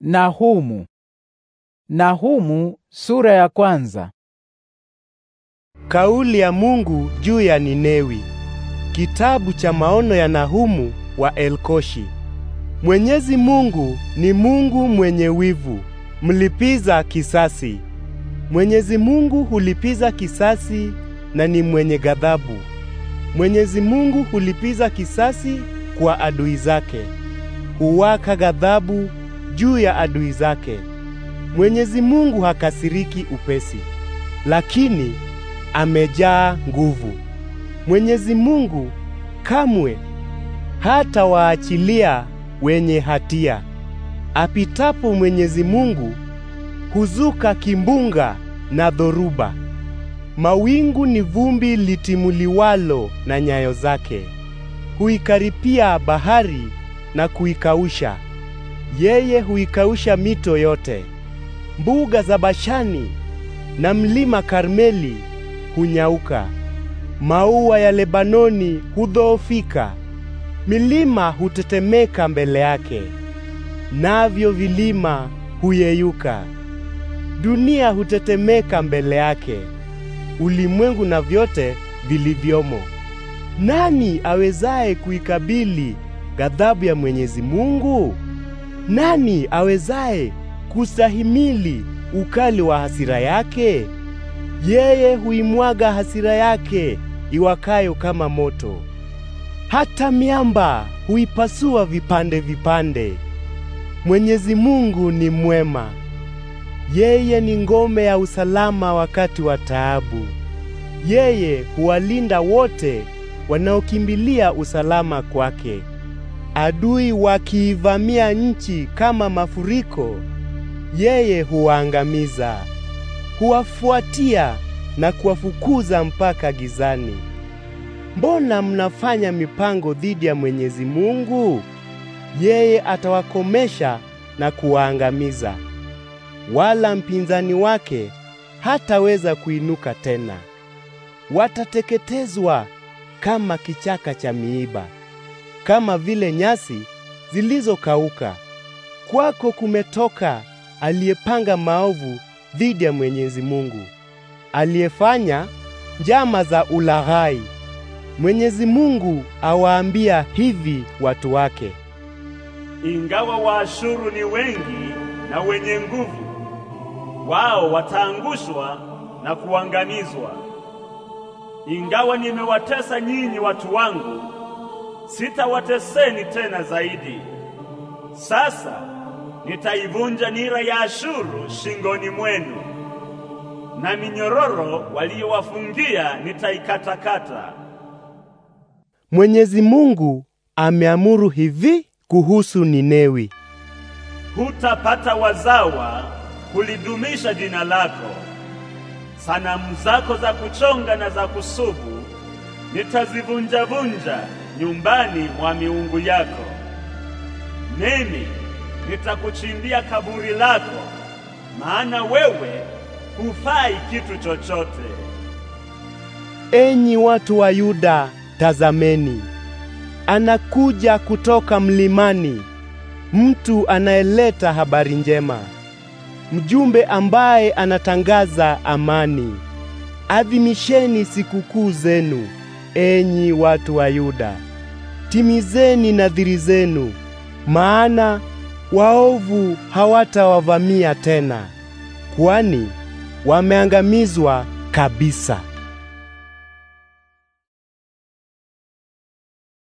Nahumu. Nahumu sura ya kwanza. Kauli ya Mungu juu ya Ninewi. Kitabu cha maono ya Nahumu wa Elkoshi. Mwenyezi Mungu ni Mungu mwenye wivu, mlipiza kisasi. Mwenyezi Mungu hulipiza kisasi na ni mwenye ghadhabu. Mwenyezi Mungu hulipiza kisasi kwa adui zake. Huwaka ghadhabu juu ya adui zake. Mwenyezi Mungu hakasiriki upesi, lakini amejaa nguvu. Mwenyezi Mungu kamwe hata waachilia wenye hatia. Apitapo Mwenyezi Mungu huzuka kimbunga na dhoruba. Mawingu ni vumbi litimuliwalo na nyayo zake. Huikaripia bahari na kuikausha. Yeye huikausha mito yote, mbuga za Bashani na mlima Karmeli hunyauka, maua ya Lebanoni hudhoofika, milima hutetemeka mbele yake, navyo vilima huyeyuka. Dunia hutetemeka mbele yake, ulimwengu na vyote vilivyomo. Nani awezaye kuikabili ghadhabu ya Mwenyezi Mungu? Nani awezaye kusahimili ukali wa hasira yake? Yeye huimwaga hasira yake iwakayo kama moto. Hata miamba huipasua vipande vipande. Mwenyezi Mungu ni mwema. Yeye ni ngome ya usalama wakati wa taabu. Yeye huwalinda wote wanaokimbilia usalama kwake. Adui wakiivamia nchi kama mafuriko, yeye huwaangamiza. Huwafuatia na kuwafukuza mpaka gizani. Mbona mnafanya mipango dhidi ya Mwenyezi Mungu? Yeye atawakomesha na kuwaangamiza. Wala mpinzani wake hataweza kuinuka tena. Watateketezwa kama kichaka cha miiba kama vile nyasi zilizokauka. Kwako kumetoka aliyepanga maovu dhidi ya Mwenyezi Mungu, aliyefanya njama za ulaghai. Mwenyezi Mungu awaambia hivi watu wake: ingawa Waashuru ni wengi na wenye nguvu, wao wataangushwa na kuangamizwa. Ingawa nimewatesa nyinyi watu wangu sitawateseni tena zaidi. Sasa nitaivunja nira ya Ashuru shingoni mwenu, na minyororo waliyowafungia nitaikatakata. Mwenyezi Mungu ameamuru hivi kuhusu Ninewi: hutapata wazawa kulidumisha jina lako. Sanamu zako za kuchonga na za kusubu nitazivunjavunja nyumbani mwa miungu yako. Mimi nitakuchimbia kaburi lako, maana wewe hufai kitu chochote. Enyi watu wa Yuda, tazameni, anakuja kutoka mlimani mtu anayeleta habari njema, mjumbe ambaye anatangaza amani. Adhimisheni sikukuu zenu enyi watu wa Yuda, timizeni nadhiri zenu, maana waovu hawatawavamia tena, kwani wameangamizwa kabisa.